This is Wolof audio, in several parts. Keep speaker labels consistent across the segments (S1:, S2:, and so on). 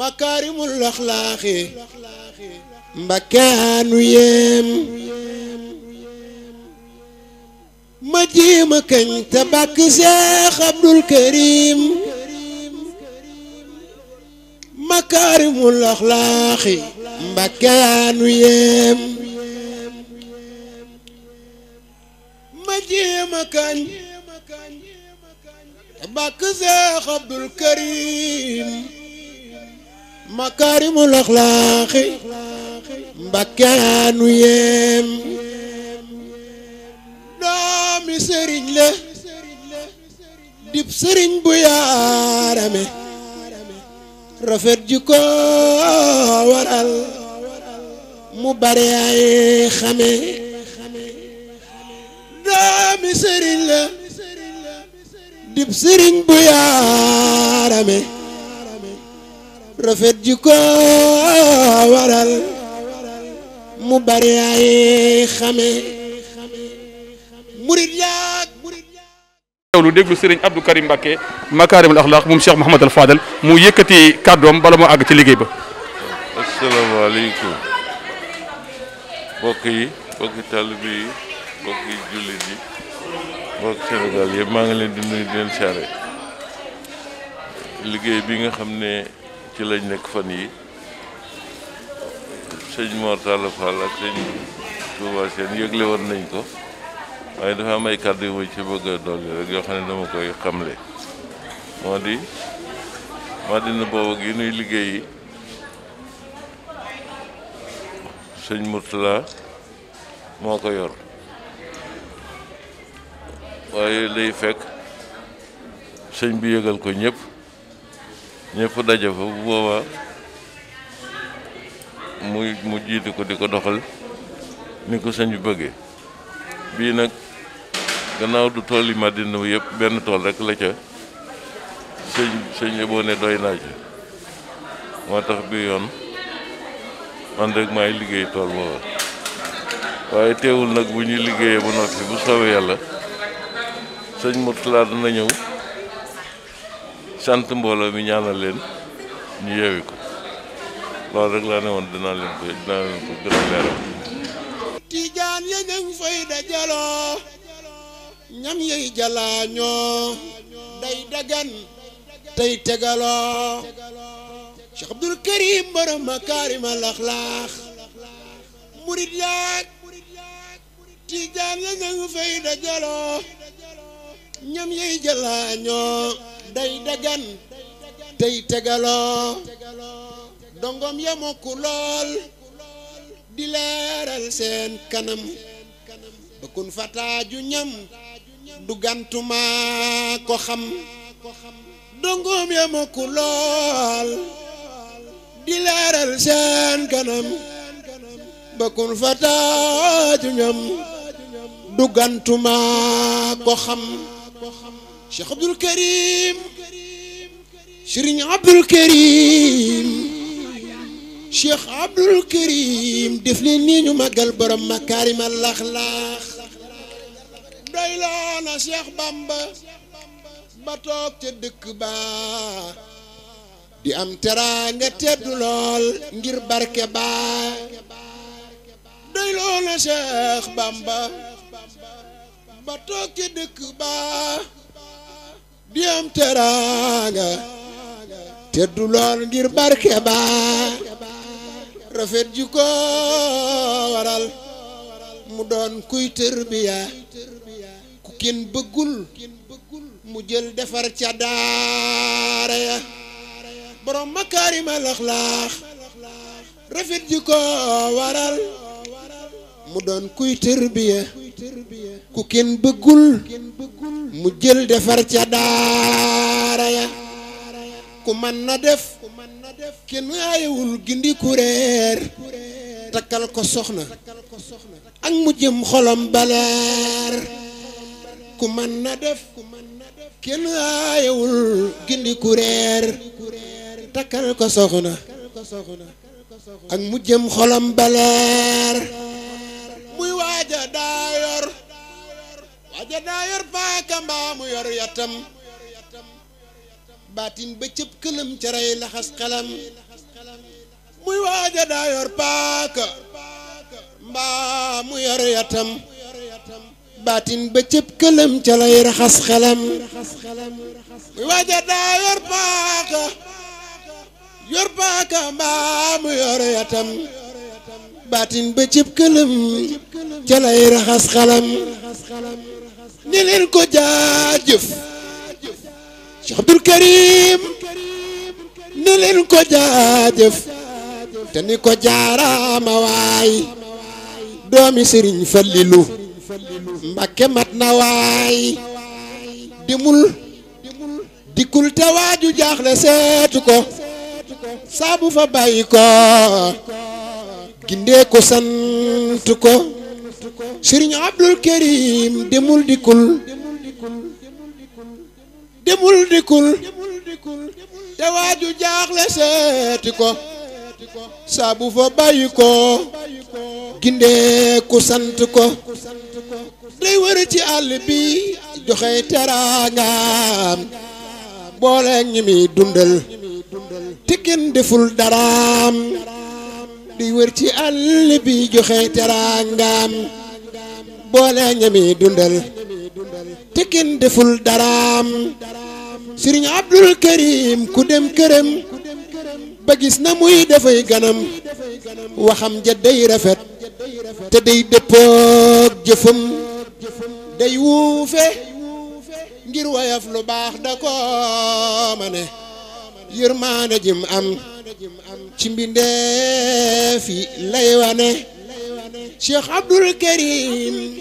S1: makaarimul axlaaxi mbakkaanu yem ma jéema kañ te bàkk Seex Abdul Karim makaarimul axlaaxi mbakkaanu yem ma jéema kañ te bàkk Seex Abdul Karim makaarimul axlaaxi mbakkaanu yeem doomi sëriñ la dib sëriñ bu yaarame rafet ji ko waral mu bare ay xame doomi sëriñ la dib sëriñ bu yaarame rafet ji ko waral mu bari ay xame murit
S2: yaak murit yaak lu déglu sëriñ Abdou Karim Mbacké makaarimul axlaaq mu yëkkati kàddoom bala moo àgg ci liggéey ba
S3: asalaamaaleykum mbokk yi mbokki taalibe yi mbokki jullit yi mbokk Sénégal yëpp maa ngi leen di nuyu di liggéey bi nga xam ne ci lañ nekk fan yi sëñ Mor Talla Fall ak sëñ Touba Seen yëgle woon nañ ko waaye dafa am ay kàddu yu ci bëgg a dolli rek yoo xam ne dama koy xamle moo di Madina boobu gi nuy liggéey yi sëñ Mourtala moo ko yor waaye lay fekk sëñ bi yëgal ko ñëpp ñëpp daje fa bu boobaa mu mu jiitu ko di ko doxal ni ko sëñ bi bëggee bii nag gannaaw du tool yi Madina yëpp benn tool rek la ca sëñ sëñ yëboo ne doy naa ci moo tax bi yoon man rek maay liggéey tool booba waaye teewul nag bu ñuy liggéeyee ba noppi bu soobee yàlla sëñ Murtala dana ñëw sant mbooloo mi ñaanal leen ñu yeewi ko loolu rek laa ne woon dinaa leen ko dinaa leen ko gën a leeral
S1: tiijaan ya ñañ fay dajaloo ñam yey jalaañoo day dagan tey tegaloo Cheikh Abdul Karim borom makaarima laxlaax murit yaag tiijaan ya ñañ fay dajaloo ñam yey jalaañoo day dagan tey tegaloo dongom ya mokku lool di leeral seen kanam bëkkun fataaju ñam du ko xam Cheikh Abdoul Karim Serigne Abdoul Karim Cheikh Abdoul Karim def leen nii ñu màggal borom makaarimal lax-lax doy loo na Cheikh Bamba ba toog ca dëkk ba di am teraanga teddu lool ngir barke ba doy loo na Cheikh Bamba ba toog ca dëkk ba di am teraanga teddu lool ngir barke ba rafet ji ko waral mu doon kuy tërbiya ku kenn bëggul mu jël defar ca daara ya borom makaarima laxlaax rafet ji ko waral mu doon kuy tërbiya ku kenn bëggul mu jël defar ca daara ya ku man na def kenn aayewul gindi kuréer takkal ko soxna ak mu jëm xolom baleer ku mën na def kenn aayewul gindi kuréer takkal ko soxna ak mu jëm xolom baleer muy waaja daa aja daa yor paaka mbaamu yor yatam baatin ba cëb këlam ca rey laxas xelam muy waaja daa yor paaka mbaamu yor yatam baatin ba cëb këlam ca lay raxas xelam muy waaja daa yor paaka yor paaka mbaamu yor yatam baatin ba cëb këlam ca lay raxas xelam di leen ko jaajëf Cheikh Abdoul Karim ne ko jaajëf te ni ko jaaraama waay doomi Sëriñ Fallilu Mbàkke mat na waay dimul dikkul te waaju jaaxle seetu ko saabu fa bàyyi ko gindee ko sant ko sëriñ Abdul Karim demul dikul demul dikul te waaju jaaxle seeti ko saa bu fa bàyyi ko gindee ku sant ko day wër ci àll bi joxe teraangaam boole ñi muy dundal te deful daraam day wër ci àll bi joxe teraangaam boole ñami dundal te kenn deful daraam sëriñ Abdul Karim ku dem këram ba gis na muy dafay ganam waxam ja day rafet te day dëppoog jëfam day wuufe ngir woyof lu baax da ko ma ne jim am ci mbindeef yi lay wane Cheikh Abdul Karim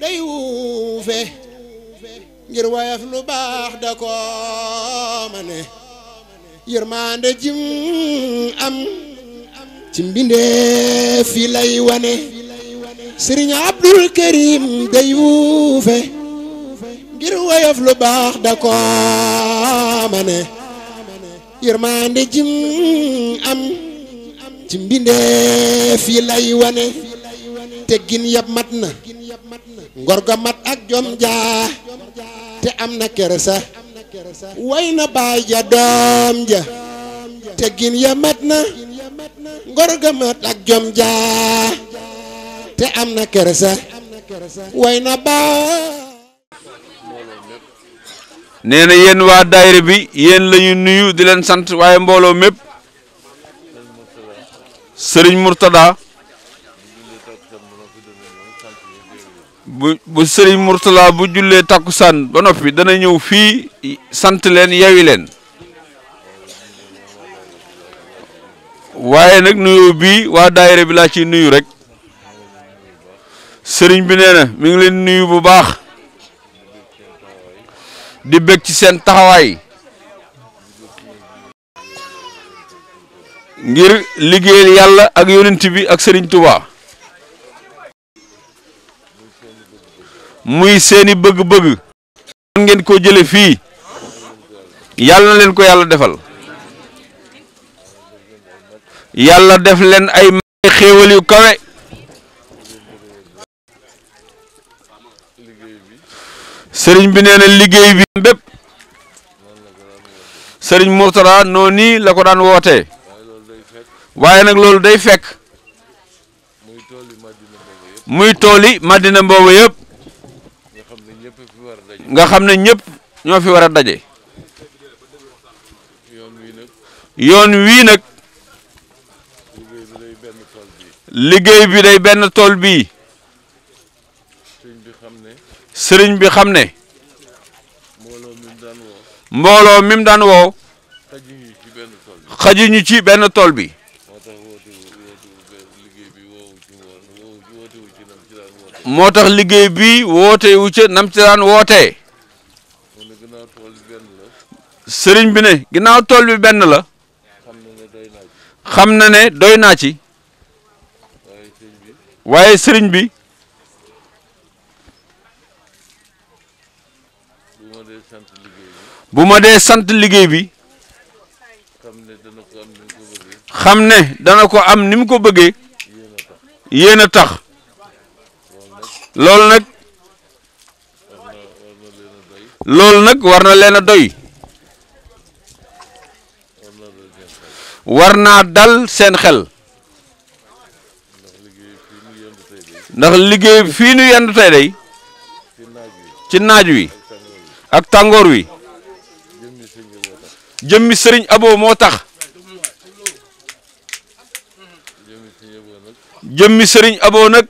S1: day wuufe ngir woyof lu baax da ko mane yërmande jim am ci mbindee fi lay Abdul Karim day wuufe ngir woyof lu baax da ko mane yërmande jim am ci mbindeef yi lay wane te gin yab mat na ngor ga mat ak jom jaa te am na kersa way na baay ja doom ja te gin ya mat na ngor ga ak jom jaa te am na kersa way na baay
S2: nee na yéen waa daayira bi yéen lañu nuyu di leen sant waaye mbooloo mépp sëriñ Mourtada bu sëriñ Mourtada bu jullee takkusaan ba noppi dana ñëw fii sant leen yewi leen waaye nag nuyu bii waa daayira bi laa ci nuyu rek sëriñ bi nee na mi ngi leen nuyu bu baax di bég ci seen taxawaay. ngir liggéeyal yàlla ak yonent bi ak sëriñ Touba muy seeni bëgg-bëgg. man ngeen ko jële fii yàlla leen ko yàlla defal yàlla def leen ay may xéewal yu kawe sëriñ bi nee liggéey bi bépp sëriñ Mourtada noonu la ko daan wootee waaye nag loolu day fekk muy tool yi Madina Mbooba yëpp nga xam ne ñëpp ñoo fi war a daje yoon wii nag liggéey bi day benn tool bii sëriñ bi xam ne mbooloo mi mu daan woow xajuñu ci benn tool bi moo tax liggéey bi woote wu nam ci daan wootee sëriñ bi ne ginnaaw tool bi benn la xam na ne doy naa ci waaye sëriñ bi bu ma dee sant liggéey bi xam ne dana ko am ni mu ko bëggee yéen a tax loolu nag loolu nag war na leen a doy war naa dal seen xel ndax liggéey fii nu yendu tey day ci naaj wi ak tàngoor wi jëmmi sëriñ Abo moo tax jëmmi sëriñ Abo nag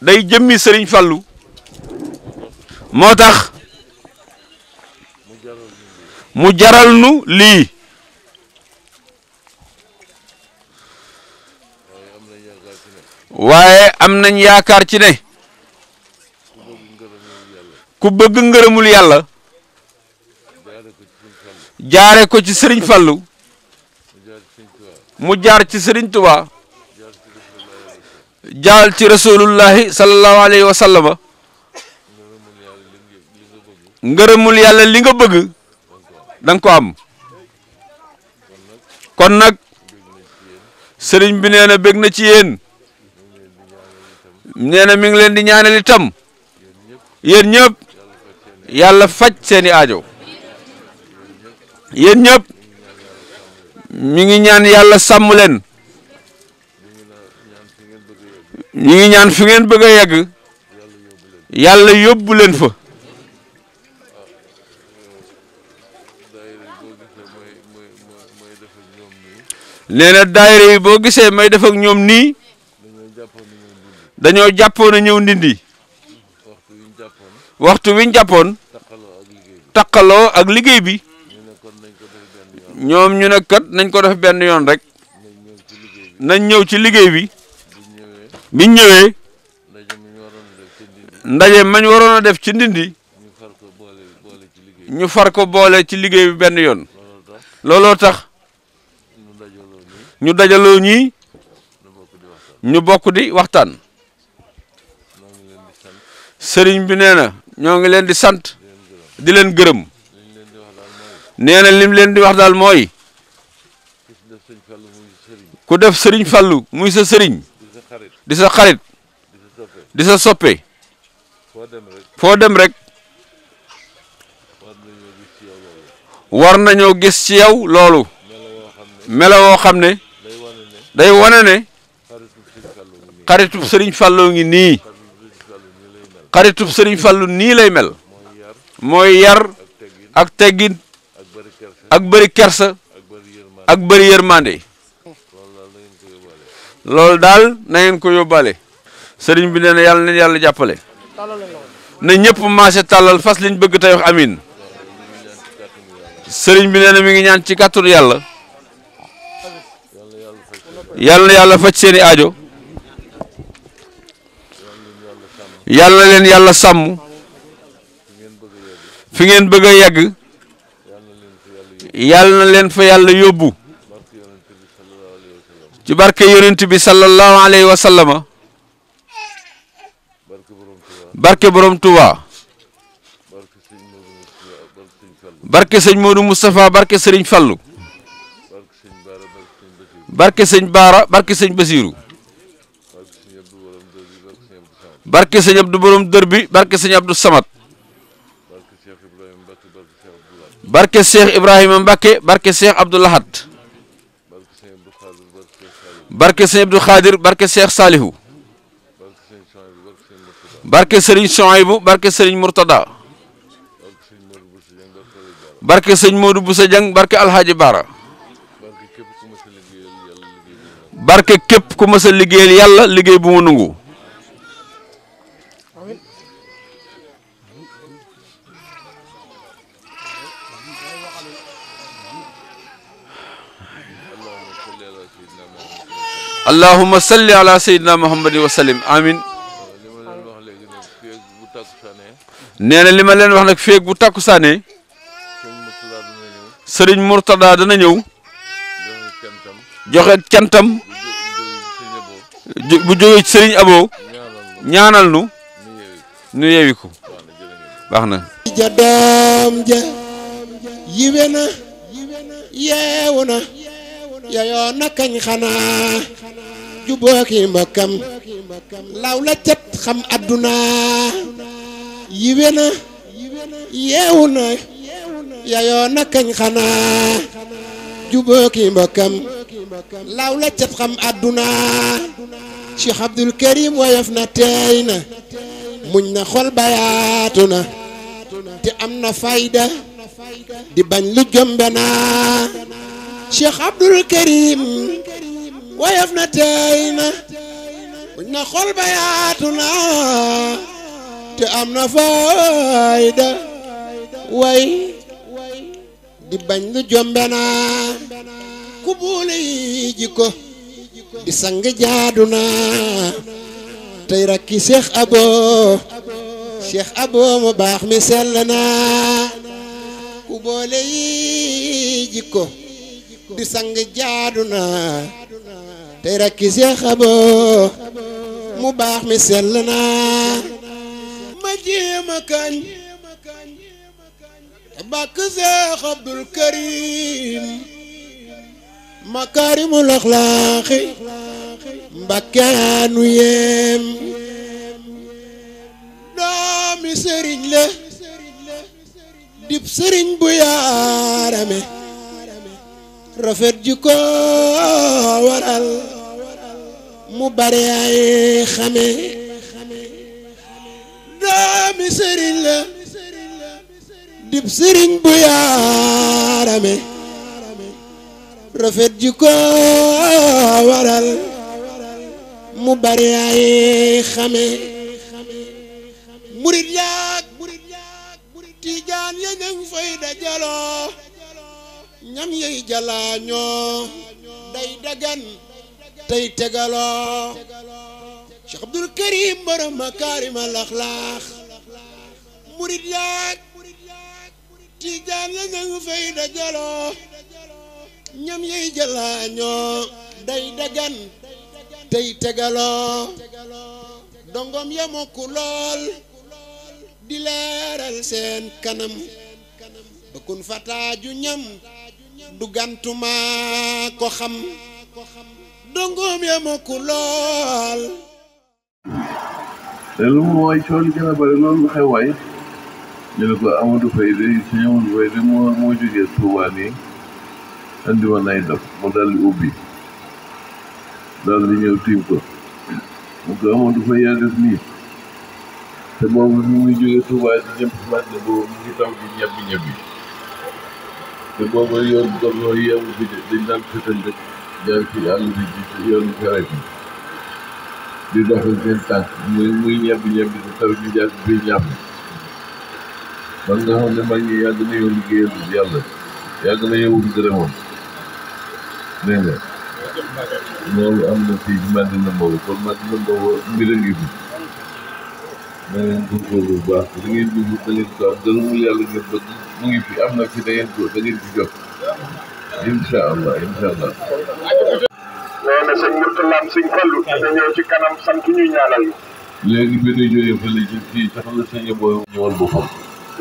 S2: day jëmmi sëriñ Fallou moo tax mu jaral nu lii waaye am nañ yaakaar ci ne ku bëgg ngërëmul yàlla jaare ko ci sëriñ Fallou mu jaar ci sëriñ Touba jaal ci rasulullahi sallallahu alayhi wa sallama ngërëmul yàlla li nga bëgg da ko am kon nag sëriñ bi nee na bég na ci yéen nee mi ngi leen di ñaanal itam yéen ñëpp yàlla faj seeni aajo yéen ñëpp mi ngi ñaan yàlla sàmm ñu ngi ñaan fi ngeen bëgg a yegg yàlla yóbbu leen fa nee na daayira yi boo gisee may def ak ñoom nii dañoo jàppoon a ñëw ndindi waxtu wi ñu jàppoon takkaloo ak liggéey bi ñoom ñu ne kat nañ ko def benn yoon rek nañ ñëw ci liggéey bi biñ ñëwee ndaje mañ waroon a def ci ndindi ñu far ko boole ci liggéey bi benn yoon looloo tax ñu dajaloo ñii ñu bokk di waxtaan sëriñ bi nee na ñoo ngi leen di sant di leen gërëm nee na lim leen di wax daal mooy ku def sëriñ Fallou muy sa sëriñ di sa xarit di sa soppe foo dem rek war nañoo gis ci yow loolu melo woo xam ne day wane ne xaritub sëriñ fàllu ngi nii xaritub sëriñ fàllu nii lay mel mooy yar ak teggin ak bëri kersa ak bëri yërmande loolu daal na ngeen ko yóbbaale sëriñ bi nee yàlla na yàlla jàppale na ñëpp maase tàllal fas liñ bëgg tey wax amin sëriñ bi nee na mi ngi ñaan ci kàttanu yàlla yàlla na yàlla faj seeni aajo yàlla leen yàlla sàmm fi ngeen bëgg a yegg yàlla na leen fa yàlla yóbbu ci barke yonent bi sallallahu alayhi wa barke borom Touba barke sëñ Modou Moustapha barke sëriñ Fallu barke sëñ Baara barke sëñ Basiiru barke sëñ Abdou borom dër barke sëñ Abdou Samad barke Cheikh Ibrahima Mbacke barke Cheikh Abdoul Ahad barke sëñ Abdou Khadir barke Cheikh Salihu barke Serigne Souhaïbou barke Serigne Mourtada barke sëñ Modou Boussa Dieng barke Alhaji Bara barke képp ku mës a liggéeyal yàlla liggéey bu mu nungu allahuma salli ala sayyidina muhammadin wa sallim amin nee na li ma leen wax nag feeg bu takku saane sëriñ Mourtada dana ñëw joxe cantam bu jógee ci sëriñ Abo ñaanal nu nu yewiku baax
S1: ja doom ja yiwe na yeewu na yayoo xanaa jubooki mbokkam law la cet xam adduna yiwe na yeewu na yayoo na kañ xanaa jubooki mbokkam law la cet xam adduna Cheikh Abdul Karim woyof na teey na muñ na xol bayaatu na te am na fayda di bañ lu jombe na Cheikh Abdul Karim woyof na teey na buñ na xol ba yaatu na te am na fayda way di bañ lu jombe na ku buule yi jikko di sang jaadu na tey rakki Cheikh Abo Cheikh Abo mu baax mi sell na ku boole yi jikko di sang jaadu na tey rakki Seex Abo mu baax mi sell na ma jéem a kañ bàkk Seex Abdul Karim makaarimul axlaaqi mbakkaanu yem doomi sëriñ la dib sëriñ bu yaarame rafet ji ko waral mu bare ay xame doomi sëriñ la dib sëriñ bu yaarame rafet ji ko waral mu bare xame murit yaag murit yaag murit tijaan ya ñang fay dajaloo ñam yey jalaañoo day dagan tey tegaloo Cheikh Abdul Karim borom makaarima laxlaax murit yaag tiijaan la nangu fay dajaloo ñam yey jalaañoo day dagan tey tegaloo dongom ya mokku lool di leeral seen kanam bëkkun fataa ju ñam du gantuma ko xam dongoom ya ma ku lool
S4: lu mu waay coon gën a bëri loolu nga ñu ne ko Amadou Faye de suñu Amadou Faye de moo moo jógee Touba nii andi woon ay dof mu dal ubbi dal ñëw tiim ko mu ko Amadou Faye yaa def nii te boobu ñu muy jógee Touba di ñëpp màgg boobu mu ngi taw di ñebbi ñebbi te booba yoon gornoo yi amu fi de dañ daan fetal rek jaar ci àll bi ci yoonu saret yi di doxal seen tànk muy muy ñebbi ñebbi te taw ñu jaar bi ñàpp man ne mag ñi yàgg nañoo liggéeyal yàlla yàgg nañoo wut gërëmam dégg nga loolu na fii a ngi mu ngi fi am na fi da ngeen ko da ngeen ci jot incha allah incha allah. nee na sëñ Murtalaam sëñ Fallu dina ñëw ci kanam sant ñu ñaanal yi. léegi bi ñu jógee fële ci fii sax la sëñ Abo ñëwal boppam.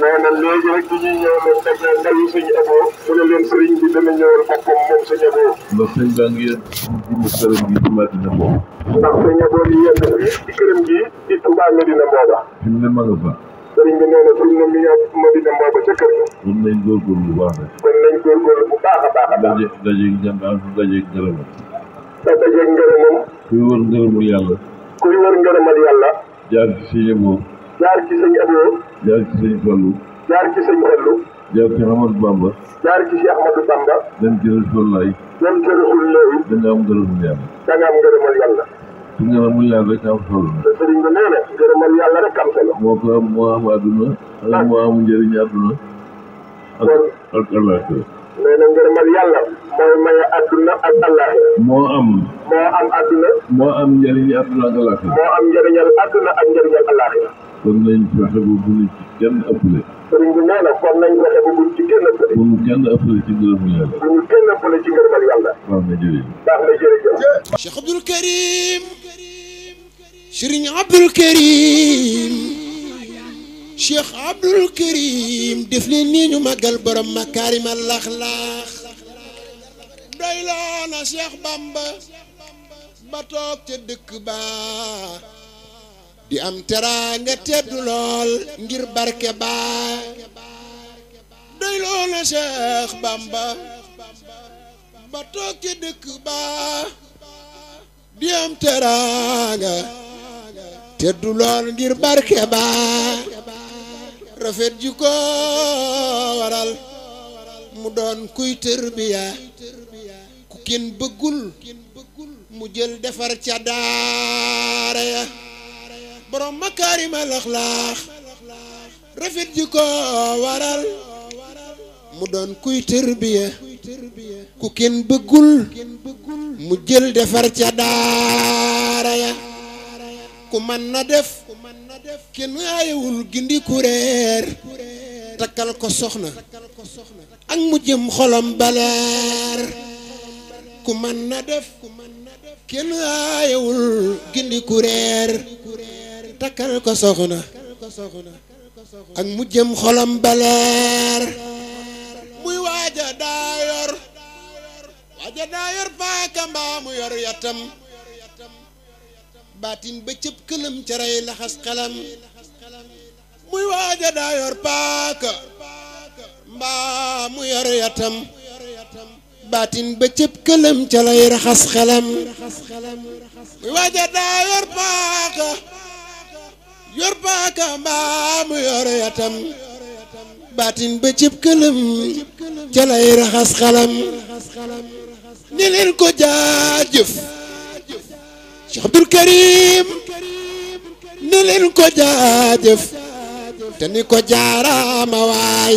S4: nee na léegi rek bi ñuy ñëw ne teg na ndawi sëñ Abo mu ne leen sëriñ bi dana ñëwal boppam moom sëñ Abo. ndax sëñ baa ngi yéen suñu këram gi ci Madina boobu. ndax sëñ Abo yi yéen ci këram gi ci Tuubaa Madina booba. fi mu ne ma nga fa. sëriñ bi nee na tur na mi nga ma di dem booba ca kër ga. kon nañ góorgóorlu bu baax rek. kon nañ góorgóorlu bu baax a baax a baax. daje dajeeg jant am dajeeg ngërëmam. te dajeeg ngërëmam. kuy wër ngërëmul yàlla. kuy wër ngërëmal yàlla. jaar ci sëñ Abo. jaar ci sëñ Abo. jaar ci sëñ Fallu. jaar ci sëñ Fallu. jaar ci Ahmadu Bamba. jaar ci Cheikh Ahmadou Bamba. dem ci Rasulullah. dem ci Rasulullah. da nga am ngërëmul yàlla. da nga am ngërëmal yàlla. su ñu mu yàlla rek am solo. sëriñ bi nee na gërëmal yàlla rek am solo. moo ko moo am àdduna. ak ah. moo am njëriñ àdduna. ak ak àllaaxira. nee na ngërëmal yàlla. mooy maye àdduna ak àllaaxira. moo am. moo am àdduna. moo am njëriñ àdduna ak àllaaxira. moo am njëriñal àdduna ak njëriñal àllaaxira. kon nañ fexe bu buñ
S1: Karim Serigne Abdoul Karim def leen nii ñu màggal borom makaarimal laxlaax doy Bamba ba toog ca di am teraanga teddu lool ngir barke baa doy loola Cheikh Bamba ba toog dëkk baa di am teraanga teddu lool ngir barke baa rafet ji ko waral mu doon kuy tërbiya ku kenn bëggul mu jël defar ca daara ya borom makaarimal axlaax rafet ji ko waral mu doon kuy tërbiya ku kenn bëggul mu jël defar ca daara ya ku mën na def kenn aayewul gindi kuréer takkal ko soxna ak mu jëm xolam baleer ku mën na def kenn aayewul gindi kuréer takkal ko soxna ak mu jëm xolam baleer muy waaja daa yor waaja daa yor paaka mbaa mu yor yatam baatin ba cëb këlam ca laxas xelam muy waaja daa paaka yor paaka mbaam yor yatam baatin këlëm ca lay raxas xalam ni leen ko jaajëf Cheikh Abdou Karim ni leen ko jaajëf te ni ko jaaraama waay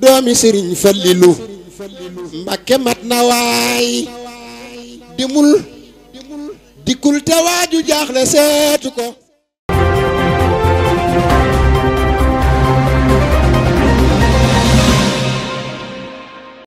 S1: doomi sëriñ Fallilu Mbàkke mat na waay dimul dikkul te waaju jaaxle seetu ko